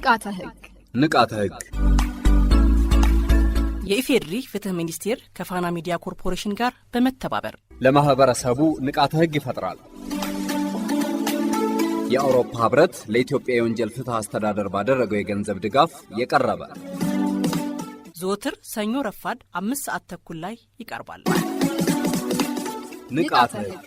ንቃተ ህግ ንቃተ ህግ የኢፌድሪ ፍትህ ሚኒስቴር ከፋና ሚዲያ ኮርፖሬሽን ጋር በመተባበር ለማኅበረሰቡ ንቃተ ህግ ይፈጥራል። የአውሮፓ ህብረት ለኢትዮጵያ የወንጀል ፍትህ አስተዳደር ባደረገው የገንዘብ ድጋፍ የቀረበ ዘወትር ሰኞ ረፋድ አምስት ሰዓት ተኩል ላይ ይቀርባል። ንቃተ ህግ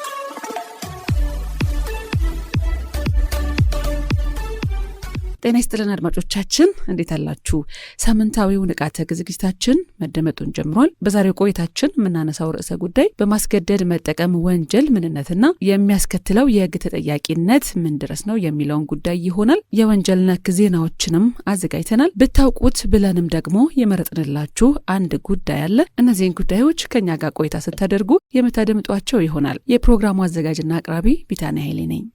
ጤና ይስጥልን አድማጮቻችን፣ እንዴት አላችሁ? ሳምንታዊው ንቃተ ህግ ዝግጅታችን መደመጡን ጀምሯል። በዛሬው ቆይታችን የምናነሳው ርዕሰ ጉዳይ በማስገደድ መጠቀም ወንጀል ምንነትና የሚያስከትለው የህግ ተጠያቂነት ምን ድረስ ነው የሚለውን ጉዳይ ይሆናል። የወንጀል ነክ ዜናዎችንም አዘጋጅተናል። ብታውቁት ብለንም ደግሞ የመረጥንላችሁ አንድ ጉዳይ አለ። እነዚህን ጉዳዮች ከኛ ጋር ቆይታ ስታደርጉ የምታደምጧቸው ይሆናል። የፕሮግራሙ አዘጋጅና አቅራቢ ቢታንያ ኃይሌ ነኝ።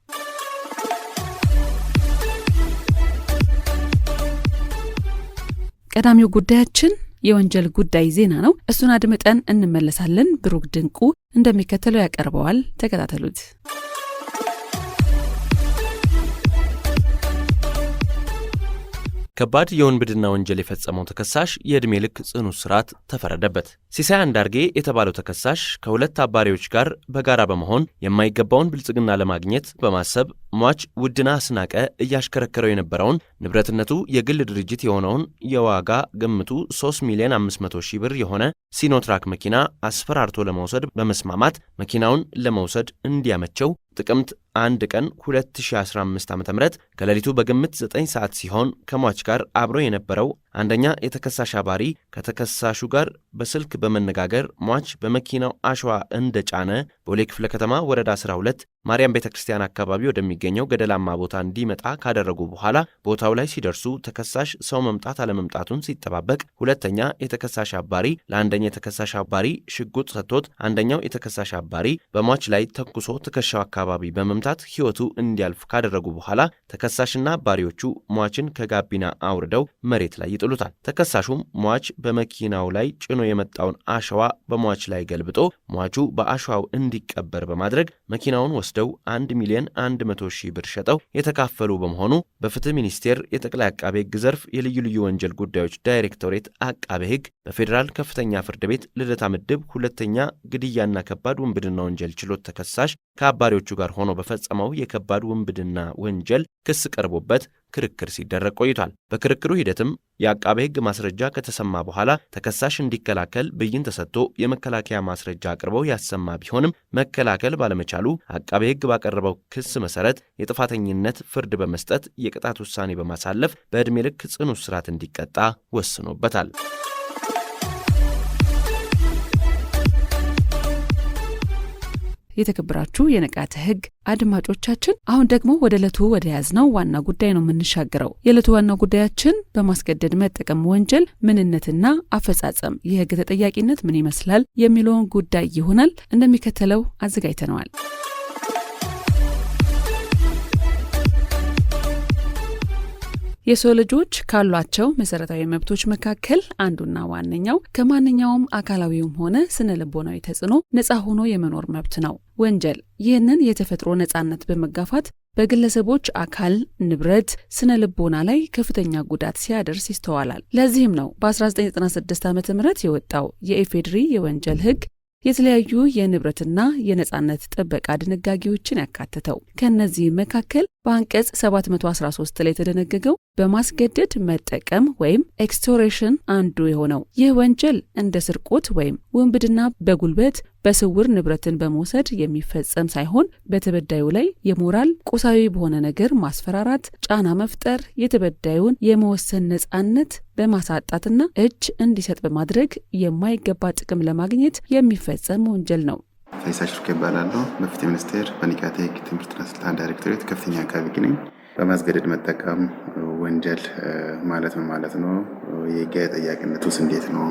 ቀዳሚው ጉዳያችን የወንጀል ጉዳይ ዜና ነው። እሱን አድምጠን እንመለሳለን። ብሩክ ድንቁ እንደሚከተለው ያቀርበዋል። ተከታተሉት። ከባድ የወንብድና ወንጀል የፈጸመው ተከሳሽ የዕድሜ ልክ ጽኑ እስራት ተፈረደበት። ሲሳይ አንዳርጌ የተባለው ተከሳሽ ከሁለት አባሪዎች ጋር በጋራ በመሆን የማይገባውን ብልጽግና ለማግኘት በማሰብ ሟች ውድና አስናቀ እያሽከረከረው የነበረውን ንብረትነቱ የግል ድርጅት የሆነውን የዋጋ ግምቱ 3 ሚሊዮን 500 ሺህ ብር የሆነ ሲኖትራክ መኪና አስፈራርቶ ለመውሰድ በመስማማት መኪናውን ለመውሰድ እንዲያመቸው ጥቅምት አንድ ቀን 2015 ዓ ም ከሌሊቱ በግምት 9 ሰዓት ሲሆን ከሟች ጋር አብሮ የነበረው አንደኛ የተከሳሽ አባሪ ከተከሳሹ ጋር በስልክ በመነጋገር ሟች በመኪናው አሸዋ እንደጫነ ቦሌ ክፍለ ከተማ ወረዳ 12 ማርያም ቤተ ክርስቲያን አካባቢ ወደሚገኘው ገደላማ ቦታ እንዲመጣ ካደረጉ በኋላ ቦታው ላይ ሲደርሱ ተከሳሽ ሰው መምጣት አለመምጣቱን ሲጠባበቅ፣ ሁለተኛ የተከሳሽ አባሪ ለአንደኛ የተከሳሽ አባሪ ሽጉጥ ሰጥቶት አንደኛው የተከሳሽ አባሪ በሟች ላይ ተኩሶ ትከሻው አካባቢ በመምታት ሕይወቱ እንዲያልፍ ካደረጉ በኋላ ተከሳሽና አባሪዎቹ ሟችን ከጋቢና አውርደው መሬት ላይ ይጥሉታል። ተከሳሹም ሟች በመኪናው ላይ ጭኖ የመጣውን አሸዋ በሟች ላይ ገልብጦ ሟቹ በአሸዋው እንዲቀበር በማድረግ መኪናውን ወስዶ ወስደው 1 ሚሊዮን 100 ሺህ ብር ሸጠው የተካፈሉ በመሆኑ በፍትህ ሚኒስቴር የጠቅላይ አቃቤ ሕግ ዘርፍ የልዩ ልዩ ወንጀል ጉዳዮች ዳይሬክቶሬት አቃቤ ሕግ በፌዴራል ከፍተኛ ፍርድ ቤት ልደታ ምድብ ሁለተኛ ግድያና ከባድ ውንብድና ወንጀል ችሎት ተከሳሽ ከአባሪዎቹ ጋር ሆኖ በፈጸመው የከባድ ውንብድና ወንጀል ክስ ቀርቦበት ክርክር ሲደረግ ቆይቷል። በክርክሩ ሂደትም የአቃቤ ሕግ ማስረጃ ከተሰማ በኋላ ተከሳሽ እንዲከላከል ብይን ተሰጥቶ የመከላከያ ማስረጃ አቅርበው ያሰማ ቢሆንም መከላከል ባለመቻሉ አቃቤ ሕግ ባቀረበው ክስ መሰረት የጥፋተኝነት ፍርድ በመስጠት የቅጣት ውሳኔ በማሳለፍ በዕድሜ ልክ ጽኑ እስራት እንዲቀጣ ወስኖበታል። የተከበራችሁ የንቃተ ህግ አድማጮቻችን፣ አሁን ደግሞ ወደ ዕለቱ ወደ ያዝነው ዋና ጉዳይ ነው የምንሻገረው። የዕለቱ ዋና ጉዳያችን በማስገደድ መጠቀም ወንጀል ምንነትና አፈጻጸም፣ የህግ ተጠያቂነት ምን ይመስላል የሚለውን ጉዳይ ይሆናል። እንደሚከተለው አዘጋጅተነዋል። የሰው ልጆች ካሏቸው መሰረታዊ መብቶች መካከል አንዱና ዋነኛው ከማንኛውም አካላዊውም ሆነ ስነ ልቦናዊ ተጽዕኖ ነጻ ሆኖ የመኖር መብት ነው። ወንጀል ይህንን የተፈጥሮ ነጻነት በመጋፋት በግለሰቦች አካል፣ ንብረት፣ ስነ ልቦና ላይ ከፍተኛ ጉዳት ሲያደርስ ይስተዋላል። ለዚህም ነው በ1996 ዓ ም የወጣው የኢፌዴሪ የወንጀል ህግ። የተለያዩ የንብረትና የነጻነት ጥበቃ ድንጋጌዎችን ያካትተው። ከእነዚህ መካከል በአንቀጽ 713 ላይ የተደነገገው በማስገደድ መጠቀም ወይም ኤክስቶሬሽን አንዱ የሆነው ይህ ወንጀል እንደ ስርቆት ወይም ውንብድና በጉልበት በስውር ንብረትን በመውሰድ የሚፈጸም ሳይሆን በተበዳዩ ላይ የሞራል ቁሳዊ በሆነ ነገር ማስፈራራት፣ ጫና መፍጠር የተበዳዩን የመወሰን ነጻነት በማሳጣትና እጅ እንዲሰጥ በማድረግ የማይገባ ጥቅም ለማግኘት የሚፈጸም ወንጀል ነው። ሳይሳሽ ሽርክ ይባላለሁ። በፍትህ ሚኒስቴር በንቃተ ህግ ትምህርትና ስልጠና ዳይሬክቶሬት ከፍተኛ አቃቤ ሕግ ነኝ። በማስገደድ መጠቀም ወንጀል ማለት ነው ማለት ነው። የህጋዊ ጠያቂነቱስ እንዴት ነው?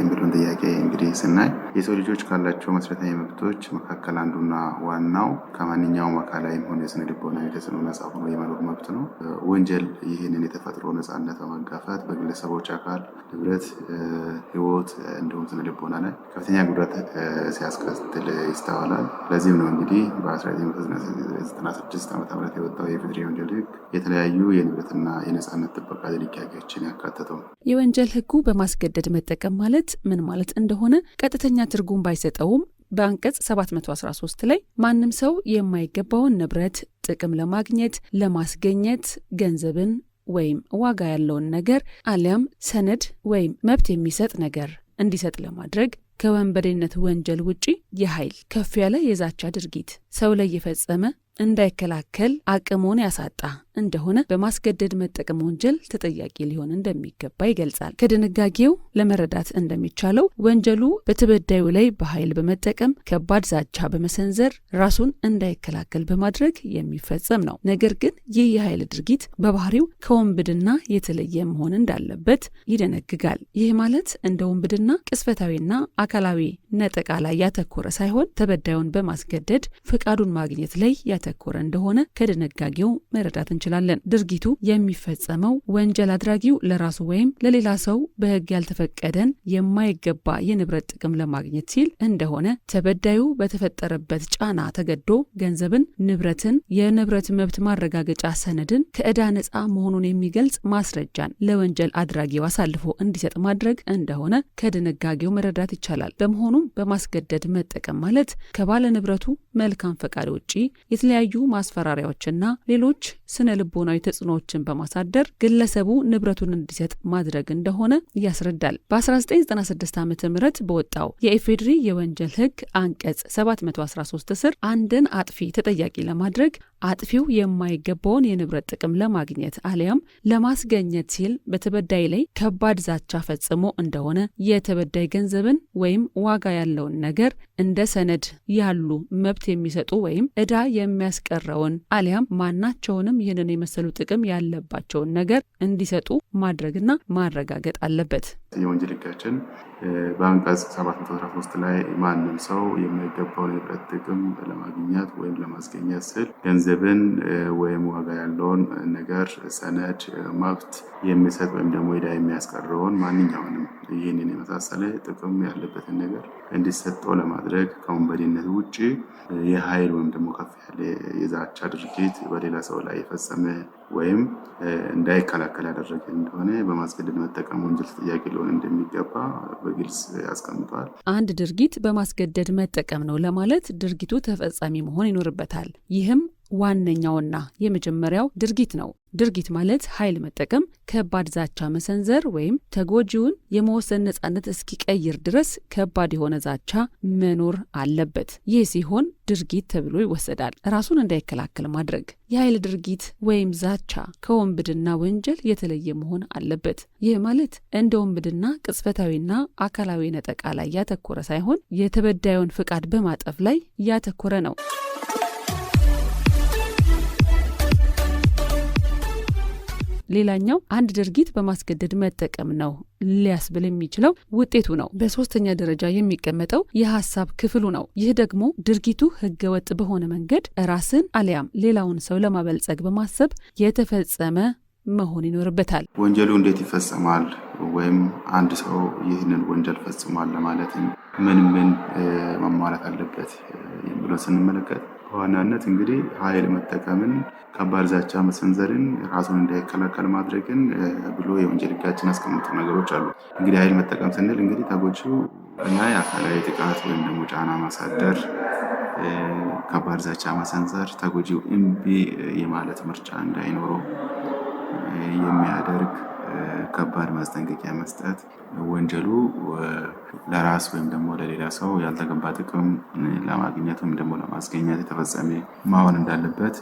የሚለውን ጥያቄ እንግዲህ ስናይ የሰው ልጆች ካላቸው መሰረታዊ መብቶች መካከል አንዱና ዋናው ከማንኛውም አካላዊም ሆነ የስነ ልቦና የተጽዕኖ ነጻ ሆኖ የመኖር መብት ነው። ወንጀል ይህንን የተፈጥሮ ነጻነት በመጋፋት በግለሰቦች አካል፣ ንብረት፣ ህይወት እንዲሁም ስነ ልቦና ላይ ከፍተኛ ጉዳት ሲያስከትል ይስተዋላል። ለዚህም ነው እንግዲህ በ1996 ዓ ም የወጣው የፍትሪ ወንጀል ህግ የተለያዩ የንብረትና የነጻነት ጥበቃ ድንጋጌዎችን ያካተተው የወንጀል ህጉ በማስገደድ መጠቀም ማለት ምን ማለት እንደሆነ ቀጥተኛ ትርጉም ባይሰጠውም በአንቀጽ 713 ላይ ማንም ሰው የማይገባውን ንብረት ጥቅም ለማግኘት ለማስገኘት ገንዘብን ወይም ዋጋ ያለውን ነገር አሊያም ሰነድ ወይም መብት የሚሰጥ ነገር እንዲሰጥ ለማድረግ ከወንበዴነት ወንጀል ውጪ የኃይል ከፍ ያለ የዛቻ ድርጊት ሰው ላይ የፈጸመ እንዳይከላከል አቅሙን ያሳጣ እንደሆነ በማስገደድ መጠቀም ወንጀል ተጠያቂ ሊሆን እንደሚገባ ይገልጻል። ከድንጋጌው ለመረዳት እንደሚቻለው ወንጀሉ በተበዳዩ ላይ በኃይል በመጠቀም ከባድ ዛቻ በመሰንዘር ራሱን እንዳይከላከል በማድረግ የሚፈጸም ነው። ነገር ግን ይህ የኃይል ድርጊት በባህሪው ከወንብድና የተለየ መሆን እንዳለበት ይደነግጋል። ይህ ማለት እንደ ወንብድና ቅስፈታዊና አካላዊ ነጠቃ ላይ ያተኮረ ሳይሆን ተበዳዩን በማስገደድ ፈቃዱን ማግኘት ላይ ያተ ያተኮረ እንደሆነ ከድንጋጌው መረዳት እንችላለን። ድርጊቱ የሚፈጸመው ወንጀል አድራጊው ለራሱ ወይም ለሌላ ሰው በሕግ ያልተፈቀደን የማይገባ የንብረት ጥቅም ለማግኘት ሲል እንደሆነ ተበዳዩ በተፈጠረበት ጫና ተገዶ ገንዘብን፣ ንብረትን፣ የንብረት መብት ማረጋገጫ ሰነድን ከዕዳ ነፃ መሆኑን የሚገልጽ ማስረጃን ለወንጀል አድራጊው አሳልፎ እንዲሰጥ ማድረግ እንደሆነ ከድንጋጌው መረዳት ይቻላል። በመሆኑም በማስገደድ መጠቀም ማለት ከባለ ንብረቱ መልካም ፈቃድ ውጪ የተለያዩ ማስፈራሪያዎችና ሌሎች ስነ ልቦናዊ ተጽዕኖዎችን በማሳደር ግለሰቡ ንብረቱን እንዲሰጥ ማድረግ እንደሆነ ያስረዳል። በ1996 ዓ ም በወጣው የኢፌዴሪ የወንጀል ህግ አንቀጽ 713 ስር አንድን አጥፊ ተጠያቂ ለማድረግ አጥፊው የማይገባውን የንብረት ጥቅም ለማግኘት አሊያም ለማስገኘት ሲል በተበዳይ ላይ ከባድ ዛቻ ፈጽሞ እንደሆነ የተበዳይ ገንዘብን ወይም ዋጋ ያለውን ነገር እንደ ሰነድ ያሉ መብት የሚሰጡ ወይም ዕዳ የሚያስቀረውን አሊያም ማናቸውንም ይህንን የመሰሉ ጥቅም ያለባቸውን ነገር እንዲሰጡ ማድረግና ማረጋገጥ አለበት። የወንጀል ሕጋችን በአንቀጽ 713 ላይ ማንም ሰው የማይገባውን የንብረት ጥቅም ለማግኘት ወይም ለማስገኘት ስል ገንዘብን ወይም ዋጋ ያለውን ነገር፣ ሰነድ፣ መብት የሚሰጥ ወይም ደግሞ ዕዳ የሚያስቀረውን ማንኛውንም ይህንን የመሳሰለ ጥቅም ያለበትን ነገር እንዲሰጠው ለማድረግ ከወንበዴነት ውጭ የኃይል ወይም ደግሞ ከፍ ያለ የዛቻ ድርጊት በሌላ ሰው ላይ የፈጸመ ወይም እንዳይከላከል ያደረገ እንደሆነ በማስገደድ መጠቀም ወንጀል ተጠያቂ ሊሆን እንደሚገባ በግልጽ ያስቀምጠዋል። አንድ ድርጊት በማስገደድ መጠቀም ነው ለማለት ድርጊቱ ተፈጻሚ መሆን ይኖርበታል። ይህም ዋነኛውና የመጀመሪያው ድርጊት ነው። ድርጊት ማለት ኃይል መጠቀም፣ ከባድ ዛቻ መሰንዘር ወይም ተጎጂውን የመወሰን ነጻነት እስኪቀይር ድረስ ከባድ የሆነ ዛቻ መኖር አለበት። ይህ ሲሆን ድርጊት ተብሎ ይወሰዳል። ራሱን እንዳይከላከል ማድረግ የኃይል ድርጊት ወይም ዛቻ ከወንብድና ወንጀል የተለየ መሆን አለበት። ይህ ማለት እንደ ወንብድና ቅጽበታዊና አካላዊ ነጠቃ ላይ ያተኮረ ሳይሆን የተበዳዩን ፍቃድ በማጠፍ ላይ ያተኮረ ነው። ሌላኛው አንድ ድርጊት በማስገደድ መጠቀም ነው ሊያስብል የሚችለው ውጤቱ ነው። በሶስተኛ ደረጃ የሚቀመጠው የሀሳብ ክፍሉ ነው። ይህ ደግሞ ድርጊቱ ህገወጥ በሆነ መንገድ ራስን አሊያም ሌላውን ሰው ለማበልጸግ በማሰብ የተፈጸመ መሆን ይኖርበታል። ወንጀሉ እንዴት ይፈጸማል? ወይም አንድ ሰው ይህንን ወንጀል ፈጽሟል ለማለት ምን ምን መሟላት አለበት የሚለውን ስንመለከት በዋናነት እንግዲህ ኃይል መጠቀምን፣ ከባድ ዛቻ መሰንዘርን፣ ራሱን እንዳይከላከል ማድረግን ብሎ የወንጀል ሕጋችን አስቀምጡ ነገሮች አሉ። እንግዲህ ኃይል መጠቀም ስንል እንግዲህ ተጎጂው እና የአካላዊ ጥቃት ወይም ደግሞ ጫና ማሳደር፣ ከባድ ዛቻ መሰንዘር፣ ተጎጂው እምቢ የማለት ምርጫ እንዳይኖረው የሚያደርግ ከባድ ማስጠንቀቂያ መስጠት ወንጀሉ ለራስ ወይም ደግሞ ለሌላ ሰው ያልተገባ ጥቅም ለማግኘት ወይም ደግሞ ለማስገኘት የተፈጸመ መሆን እንዳለበት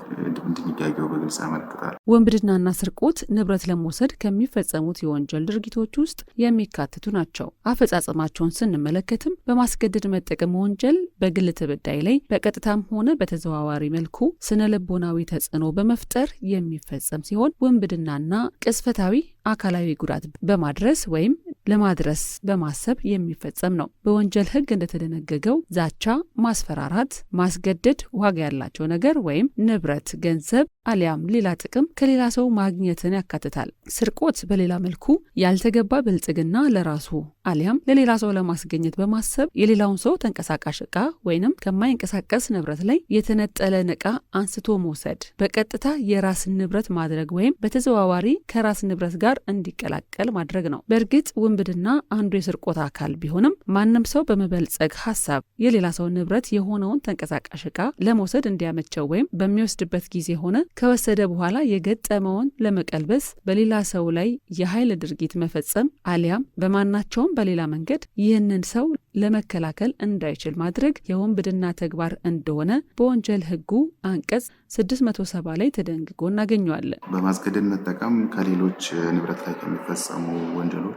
እንድንጋጌው በግልጽ ያመለክታል። ወንብድናና ስርቆት ንብረት ለመውሰድ ከሚፈጸሙት የወንጀል ድርጊቶች ውስጥ የሚካተቱ ናቸው። አፈጻጸማቸውን ስንመለከትም በማስገደድ መጠቀም ወንጀል በግል ተበዳይ ላይ በቀጥታም ሆነ በተዘዋዋሪ መልኩ ስነ ልቦናዊ ተጽዕኖ በመፍጠር የሚፈጸም ሲሆን ወንብድናና ቅስፈታዊ አካ አካላዊ ጉዳት በማድረስ ወይም ለማድረስ በማሰብ የሚፈጸም ነው። በወንጀል ሕግ እንደተደነገገው ዛቻ፣ ማስፈራራት፣ ማስገደድ ዋጋ ያላቸው ነገር ወይም ንብረት፣ ገንዘብ አሊያም ሌላ ጥቅም ከሌላ ሰው ማግኘትን ያካትታል። ስርቆት በሌላ መልኩ ያልተገባ ብልጽግና ለራሱ አሊያም ለሌላ ሰው ለማስገኘት በማሰብ የሌላውን ሰው ተንቀሳቃሽ ዕቃ ወይንም ከማይንቀሳቀስ ንብረት ላይ የተነጠለን እቃ አንስቶ መውሰድ፣ በቀጥታ የራስ ንብረት ማድረግ ወይም በተዘዋዋሪ ከራስ ንብረት ጋር እንዲቀላቀል ማድረግ ነው። በእርግጥ የወንብድና አንዱ የስርቆት አካል ቢሆንም ማንም ሰው በመበልጸግ ሀሳብ የሌላ ሰው ንብረት የሆነውን ተንቀሳቃሽ ዕቃ ለመውሰድ እንዲያመቸው ወይም በሚወስድበት ጊዜ ሆነ ከወሰደ በኋላ የገጠመውን ለመቀልበስ በሌላ ሰው ላይ የኃይል ድርጊት መፈጸም አሊያም በማናቸውም በሌላ መንገድ ይህንን ሰው ለመከላከል እንዳይችል ማድረግ የወንብድና ተግባር እንደሆነ በወንጀል ሕጉ አንቀጽ 670 ላይ ተደንግጎ እናገኘዋለን። በማስገደድ መጠቀም ከሌሎች ንብረት ላይ ከሚፈጸሙ ወንጀሎች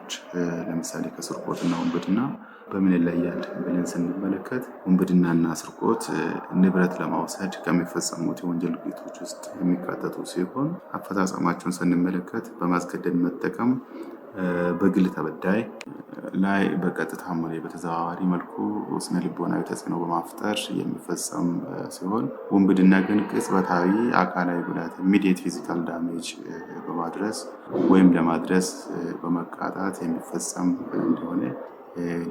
ለምሳሌ ከስርቆትና ውንብድና በምን ይለያል ብለን ስንመለከት ውንብድናና ስርቆት ንብረት ለማውሰድ ከሚፈጸሙት የወንጀል ድርጊቶች ውስጥ የሚካተቱ ሲሆን አፈጻጸማቸውን ስንመለከት በማስገደድ መጠቀም በግል ተበዳይ ላይ በቀጥታ ሆነ በተዘዋዋሪ መልኩ ስነ ልቦናዊ ተጽዕኖ በማፍጠር የሚፈጸም ሲሆን ውንብድና ግን ቅጽበታዊ አካላዊ ጉዳት ኢሚዲየት ፊዚካል ዳሜጅ በማድረስ ወይም ለማድረስ በመቃጣት የሚፈጸም እንደሆነ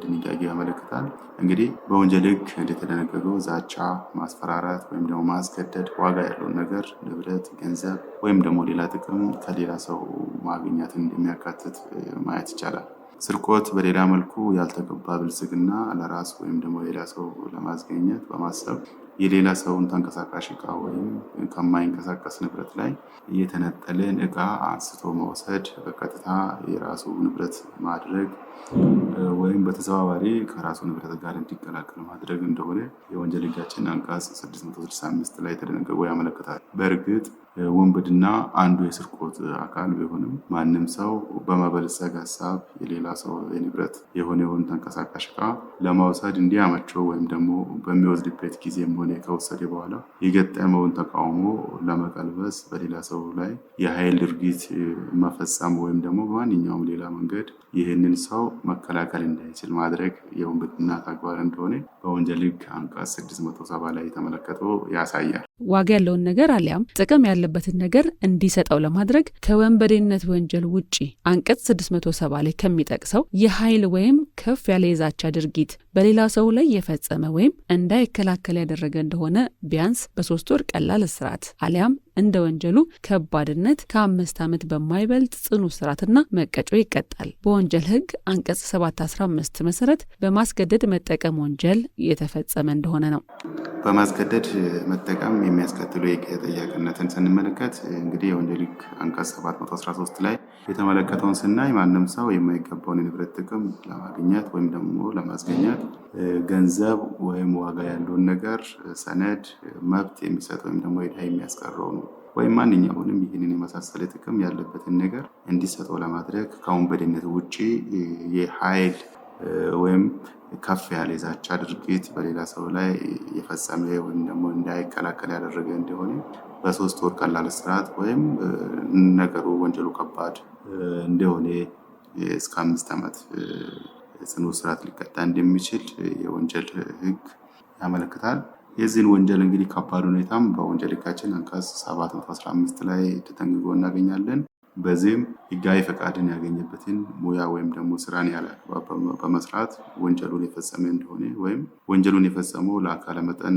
ድንጋጌ ያመለክታል። እንግዲህ በወንጀል ሕግ እንደተደነገገው ዛቻ፣ ማስፈራራት ወይም ደግሞ ማስገደድ ዋጋ ያለውን ነገር ንብረት፣ ገንዘብ ወይም ደግሞ ሌላ ጥቅም ከሌላ ሰው ማግኘትን እንደሚያካትት ማየት ይቻላል። ስርቆት በሌላ መልኩ ያልተገባ ብልጽግና ለራስ ወይም ደግሞ ሌላ ሰው ለማስገኘት በማሰብ የሌላ ሰውን ተንቀሳቃሽ እቃ ወይም ከማይንቀሳቀስ ንብረት ላይ እየተነጠልን እቃ አንስቶ መውሰድ፣ በቀጥታ የራሱ ንብረት ማድረግ ወይም በተዘዋዋሪ ከራሱ ንብረት ጋር እንዲቀላቀል ማድረግ እንደሆነ የወንጀል ሕጋችን አንቀጽ 665 ላይ ተደነገገ ያመለክታል። በእርግጥ ወንበድና አንዱ የስርቆት አካል ቢሆንም ማንም ሰው በመበልጸግ ሀሳብ የሌላ ሰው የንብረት የሆኑ ተንቀሳቃሽ እቃ ለማውሰድ እንዲያመቸው ወይም ደግሞ በሚወስድበት ጊዜ መመሪያ ከወሰደ በኋላ የገጠመውን ተቃውሞ ለመቀልበስ በሌላ ሰው ላይ የኃይል ድርጊት መፈጸም ወይም ደግሞ በማንኛውም ሌላ መንገድ ይህንን ሰው መከላከል እንዳይችል ማድረግ የውንብድና ተግባር እንደሆነ በወንጀል ሕግ አንቀጽ 670 ላይ የተመለከተው ያሳያል። ዋጋ ያለውን ነገር አሊያም ጥቅም ያለበትን ነገር እንዲሰጠው ለማድረግ ከወንበዴነት ወንጀል ውጪ አንቀጽ 670 ላይ ከሚጠቅሰው የኃይል ወይም ከፍ ያለ የዛቻ ድርጊት በሌላ ሰው ላይ የፈጸመ ወይም እንዳይከላከል ያደረገ እንደሆነ ቢያንስ በሶስት ወር ቀላል እስራት አሊያም እንደ ወንጀሉ ከባድነት ከአምስት ዓመት በማይበልጥ ጽኑ እስራትና መቀጮ ይቀጣል። በወንጀል ህግ አንቀጽ 715 መሰረት በማስገደድ መጠቀም ወንጀል እየተፈጸመ እንደሆነ ነው። በማስገደድ መጠቀም የሚያስከትለው የተጠያቂነትን ስንመለከት እንግዲህ የወንጀል ሕግ አንቀጽ 713 ላይ የተመለከተውን ስናይ ማንም ሰው የማይገባውን የንብረት ጥቅም ለማግኘት ወይም ደግሞ ለማስገኘት ገንዘብ ወይም ዋጋ ያለውን ነገር፣ ሰነድ፣ መብት የሚሰጥ ወይም ደግሞ ዕዳ የሚያስቀረው ነው ወይም ማንኛውንም ይህንን የመሳሰለ ጥቅም ያለበትን ነገር እንዲሰጠው ለማድረግ ከአሁን በድነት ውጭ የኃይል ወይም ከፍ ያለ የዛቻ ድርጊት በሌላ ሰው ላይ የፈጸመ ወይም ደግሞ እንዳይከላከል ያደረገ እንደሆነ በሶስት ወር ቀላል እስራት ወይም ነገሩ ወንጀሉ ከባድ እንደሆነ እስከ አምስት ዓመት ጽኑ እስራት ሊቀጣ እንደሚችል የወንጀል ሕግ ያመለክታል። የዚህን ወንጀል እንግዲህ ከባድ ሁኔታም በወንጀል ሕጋችን አንቀጽ 715 ላይ ተጠንግጎ እናገኛለን። በዚህም ህጋዊ ፈቃድን ያገኘበትን ሙያ ወይም ደግሞ ስራን ያለ አግባብ በመስራት ወንጀሉን የፈጸመ እንደሆነ ወይም ወንጀሉን የፈጸመው ለአካለ መጠን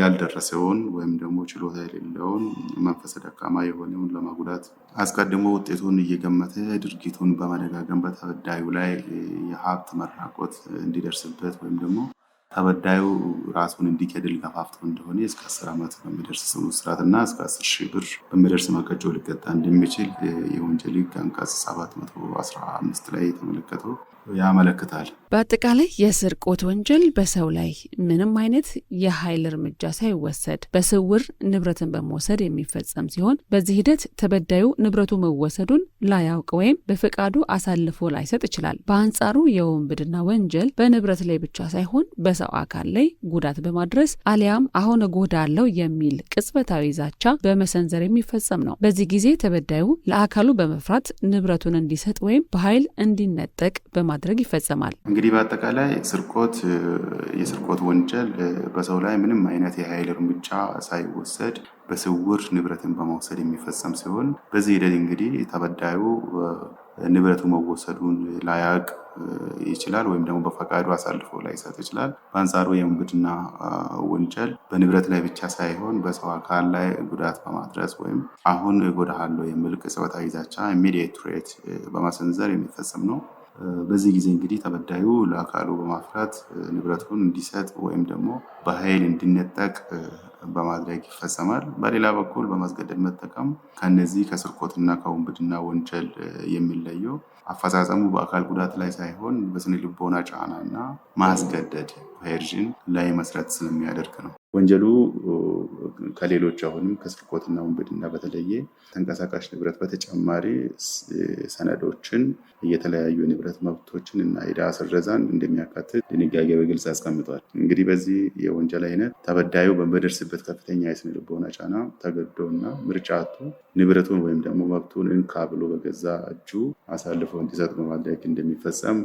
ያልደረሰውን ወይም ደግሞ ችሎታ የሌለውን መንፈሰ ደካማ የሆነውን ለማጉዳት አስቀድሞ ውጤቱን እየገመተ ድርጊቱን በመደጋገም በተበዳዩ ላይ የሀብት መራቆት እንዲደርስበት ወይም ደግሞ ተበዳዩ ራሱን እንዲገድል ገፋፍቶ እንደሆነ እስከ አስር ዓመት በሚደርስ ጽኑ እና እስከ አስር ሺህ ብር በሚደርስ መቀጮ ሊቀጣ እንደሚችል የወንጀል ሕግ አንቀጽ ሰባት መቶ አስራ አምስት ላይ የተመለከተው ያመለክታል። በአጠቃላይ የስርቆት ወንጀል በሰው ላይ ምንም አይነት የኃይል እርምጃ ሳይወሰድ በስውር ንብረትን በመውሰድ የሚፈጸም ሲሆን በዚህ ሂደት ተበዳዩ ንብረቱ መወሰዱን ላያውቅ ወይም በፈቃዱ አሳልፎ ላይሰጥ ይችላል። በአንጻሩ የወንብድና ወንጀል በንብረት ላይ ብቻ ሳይሆን በሰው አካል ላይ ጉዳት በማድረስ አሊያም አሁን እጎዳለሁ የሚል ቅጽበታዊ ዛቻ በመሰንዘር የሚፈጸም ነው። በዚህ ጊዜ ተበዳዩ ለአካሉ በመፍራት ንብረቱን እንዲሰጥ ወይም በኃይል እንዲነጠቅ በማ በማድረግ ይፈጸማል። እንግዲህ በአጠቃላይ ስርቆት፣ የስርቆት ወንጀል በሰው ላይ ምንም አይነት የኃይል እርምጃ ሳይወሰድ በስውር ንብረትን በመውሰድ የሚፈጸም ሲሆን በዚህ ሂደት እንግዲህ ተበዳዩ ንብረቱ መወሰዱን ላያቅ ይችላል ወይም ደግሞ በፈቃዱ አሳልፎ ላይሰጥ ይችላል። በአንጻሩ የውንብድና ወንጀል በንብረት ላይ ብቻ ሳይሆን በሰው አካል ላይ ጉዳት በማድረስ ወይም አሁን እጎዳሃለሁ የሚል ቅጽበታዊ ዛቻ ኢሚዲየት ትሬት በማሰንዘር የሚፈጸም ነው። በዚህ ጊዜ እንግዲህ ተበዳዩ ለአካሉ በማፍራት ንብረቱን እንዲሰጥ ወይም ደግሞ በኃይል እንዲነጠቅ በማድረግ ይፈጸማል። በሌላ በኩል በማስገደድ መጠቀም ከነዚህ ከስርቆትና ከውንብድና ወንጀል የሚለየው አፈጻጸሙ በአካል ጉዳት ላይ ሳይሆን በስነ ልቦና ጫና እና ማስገደድ ኮሄርዥን ላይ መስራት ስለሚያደርግ ነው። ወንጀሉ ከሌሎች አሁንም ከስርቆትና ውንብድና በተለየ ተንቀሳቃሽ ንብረት በተጨማሪ ሰነዶችን፣ የተለያዩ የንብረት መብቶችን እና የዕዳ ስረዛን እንደሚያካትት ድንጋጌ በግልጽ አስቀምጧል። እንግዲህ በዚህ የወንጀል አይነት ተበዳዩ በሚደርስበት ከፍተኛ የስነ ልቦና ጫና ተገዶና ምርጫቱ ንብረቱን ወይም ደግሞ መብቱን እንካ ብሎ በገዛ እጁ አሳልፎ እንዲሰጥ በማድረግ እንደሚፈጸም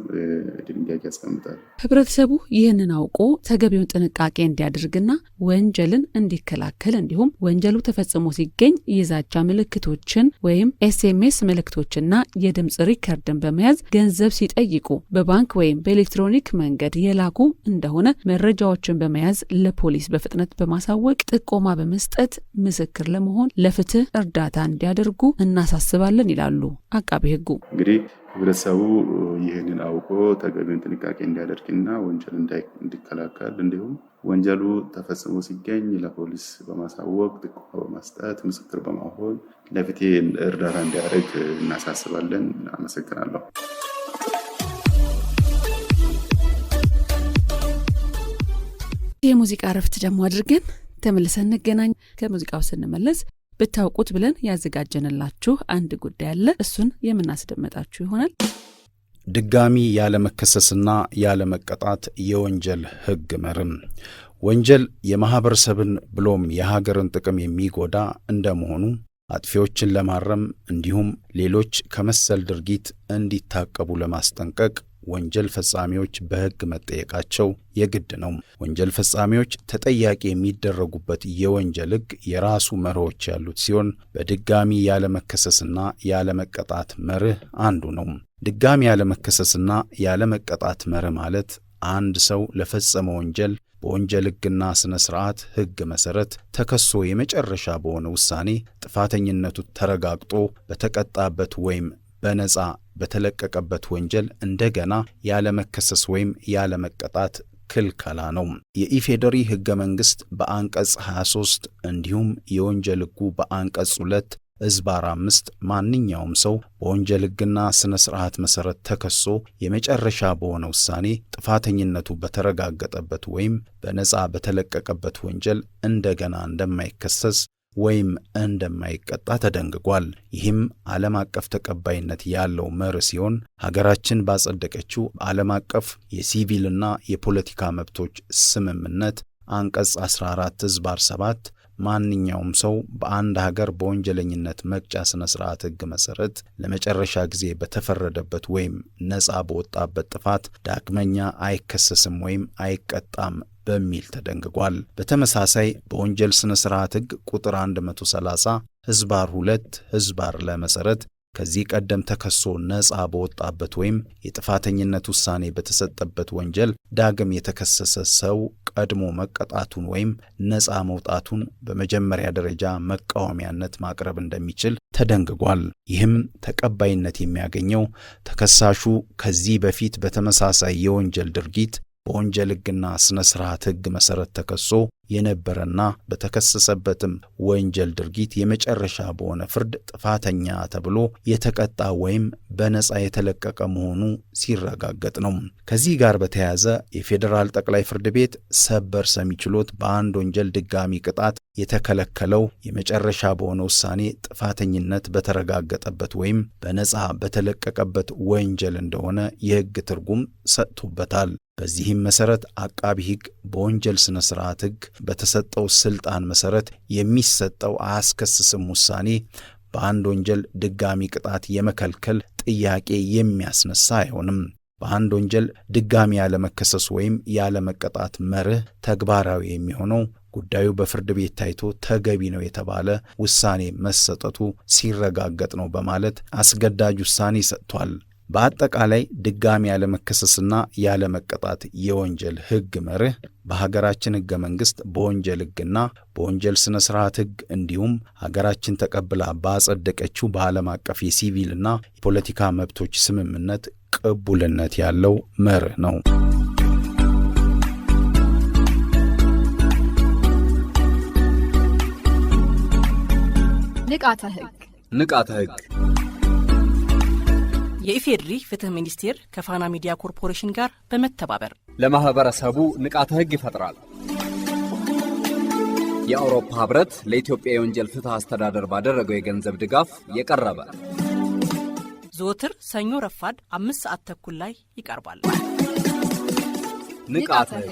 ድንጋጌ ያስቀምጣል። ህብረተሰቡ ይህንን አውቆ ተገቢውን ጥንቃቄ እንዲያደርግና ወንጀልን እንዲከላከል እንዲሁም ወንጀሉ ተፈጽሞ ሲገኝ የዛቻ ምልክቶችን ወይም ኤስኤምኤስ ምልክቶችና የድምፅ ሪከርድን በመያዝ ገንዘብ ሲጠይቁ በባንክ ወይም በኤሌክትሮኒክ መንገድ የላኩ እንደሆነ መረጃዎችን በመያዝ ለፖሊስ በፍጥነት በማሳወቅ ጥቆማ በመስጠት ምስክር ለመሆን ለፍትህ እርዳታ እንዲያደርጉ እናሳስባለን ይላሉ አቃቤ ሕጉ። ህብረተሰቡ ይህንን አውቆ ተገቢውን ጥንቃቄ እንዲያደርግና ወንጀል እንዲከላከል እንዲሁም ወንጀሉ ተፈጽሞ ሲገኝ ለፖሊስ በማሳወቅ ጥቆማ በማስጠት ምስክር በማሆን ለፍትህ እርዳታ እንዲያደርግ እናሳስባለን። አመሰግናለሁ። የሙዚቃ እረፍት ደግሞ አድርገን ተመልሰን እንገናኝ። ከሙዚቃው ስንመለስ ብታውቁት ብለን ያዘጋጀንላችሁ አንድ ጉዳይ አለ። እሱን የምናስደምጣችሁ ይሆናል። ድጋሚ ያለመከሰስና ያለመቀጣት የወንጀል ሕግ መርም ወንጀል የማኅበረሰብን ብሎም የሀገርን ጥቅም የሚጎዳ እንደመሆኑ አጥፊዎችን ለማረም እንዲሁም ሌሎች ከመሰል ድርጊት እንዲታቀቡ ለማስጠንቀቅ ወንጀል ፈጻሚዎች በሕግ መጠየቃቸው የግድ ነው። ወንጀል ፈጻሚዎች ተጠያቂ የሚደረጉበት የወንጀል ሕግ የራሱ መርሆች ያሉት ሲሆን በድጋሚ ያለመከሰስና ያለመቀጣት መርህ አንዱ ነው። ድጋሚ ያለመከሰስና ያለመቀጣት መርህ ማለት አንድ ሰው ለፈጸመ ወንጀል በወንጀል ሕግና ሥነ ሥርዓት ሕግ መሠረት ተከሶ የመጨረሻ በሆነ ውሳኔ ጥፋተኝነቱ ተረጋግጦ በተቀጣበት ወይም በነፃ በተለቀቀበት ወንጀል እንደገና ያለመከሰስ ወይም ያለመቀጣት ክልከላ ነው። የኢፌዴሪ ህገ መንግስት በአንቀጽ 23 እንዲሁም የወንጀል ህጉ በአንቀጽ 2 እዝባር አምስት ማንኛውም ሰው በወንጀል ሕግና ሥነ ሥርዓት መሠረት ተከሶ የመጨረሻ በሆነ ውሳኔ ጥፋተኝነቱ በተረጋገጠበት ወይም በነፃ በተለቀቀበት ወንጀል እንደገና እንደማይከሰስ ወይም እንደማይቀጣ ተደንግጓል። ይህም ዓለም አቀፍ ተቀባይነት ያለው መርህ ሲሆን ሀገራችን ባጸደቀችው ዓለም አቀፍ የሲቪልና የፖለቲካ መብቶች ስምምነት አንቀጽ 14 ዝባር 7 ማንኛውም ሰው በአንድ ሀገር በወንጀለኝነት መቅጫ ሥነ ሥርዓት ሕግ መሰረት ለመጨረሻ ጊዜ በተፈረደበት ወይም ነፃ በወጣበት ጥፋት ዳግመኛ አይከሰስም ወይም አይቀጣም በሚል ተደንግጓል። በተመሳሳይ በወንጀል ሥነ ሥርዓት ሕግ ቁጥር 130 ህዝባር 2 ህዝባር ለመሠረት ከዚህ ቀደም ተከሶ ነፃ በወጣበት ወይም የጥፋተኝነት ውሳኔ በተሰጠበት ወንጀል ዳግም የተከሰሰ ሰው ቀድሞ መቀጣቱን ወይም ነፃ መውጣቱን በመጀመሪያ ደረጃ መቃወሚያነት ማቅረብ እንደሚችል ተደንግጓል። ይህም ተቀባይነት የሚያገኘው ተከሳሹ ከዚህ በፊት በተመሳሳይ የወንጀል ድርጊት በወንጀል ሕግና ሥነ ሥርዓት ሕግ መሠረት ተከሶ የነበረና በተከሰሰበትም ወንጀል ድርጊት የመጨረሻ በሆነ ፍርድ ጥፋተኛ ተብሎ የተቀጣ ወይም በነፃ የተለቀቀ መሆኑ ሲረጋገጥ ነው። ከዚህ ጋር በተያያዘ የፌዴራል ጠቅላይ ፍርድ ቤት ሰበር ሰሚ ችሎት በአንድ ወንጀል ድጋሚ ቅጣት የተከለከለው የመጨረሻ በሆነ ውሳኔ ጥፋተኝነት በተረጋገጠበት ወይም በነፃ በተለቀቀበት ወንጀል እንደሆነ የሕግ ትርጉም ሰጥቶበታል። በዚህም መሰረት አቃቢ ሕግ በወንጀል ስነ ስርዓት ሕግ በተሰጠው ስልጣን መሰረት የሚሰጠው አያስከስስም ውሳኔ በአንድ ወንጀል ድጋሚ ቅጣት የመከልከል ጥያቄ የሚያስነሳ አይሆንም። በአንድ ወንጀል ድጋሚ ያለመከሰስ ወይም ያለመቀጣት መርህ ተግባራዊ የሚሆነው ጉዳዩ በፍርድ ቤት ታይቶ ተገቢ ነው የተባለ ውሳኔ መሰጠቱ ሲረጋገጥ ነው በማለት አስገዳጅ ውሳኔ ሰጥቷል። በአጠቃላይ ድጋሚ ያለመከሰስና ያለመቀጣት የወንጀል ህግ መርህ በሀገራችን ህገ መንግስት በወንጀል ህግና በወንጀል ስነ ስርዓት ህግ እንዲሁም ሀገራችን ተቀብላ ባጸደቀችው በዓለም አቀፍ የሲቪልና የፖለቲካ መብቶች ስምምነት ቅቡልነት ያለው መርህ ነው። ንቃተ ህግ። ንቃተ ህግ የኢፌድሪ ፍትህ ሚኒስቴር ከፋና ሚዲያ ኮርፖሬሽን ጋር በመተባበር ለማህበረሰቡ ንቃተ ህግ ይፈጥራል። የአውሮፓ ህብረት ለኢትዮጵያ የወንጀል ፍትህ አስተዳደር ባደረገው የገንዘብ ድጋፍ የቀረበ ዘወትር ሰኞ ረፋድ አምስት ሰዓት ተኩል ላይ ይቀርባል። ንቃተ ህግ